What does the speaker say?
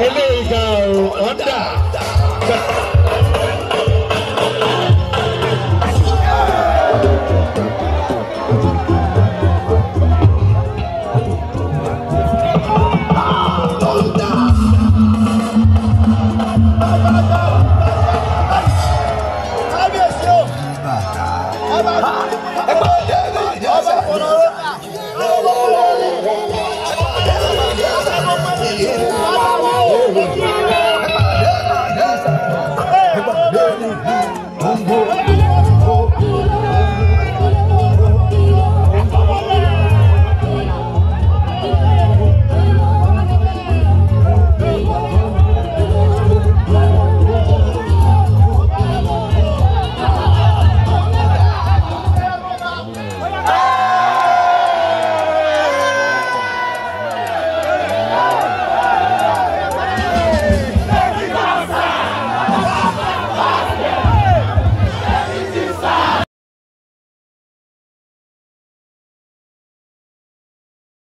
Here we go! ọ̀dà. Thank you. 中国。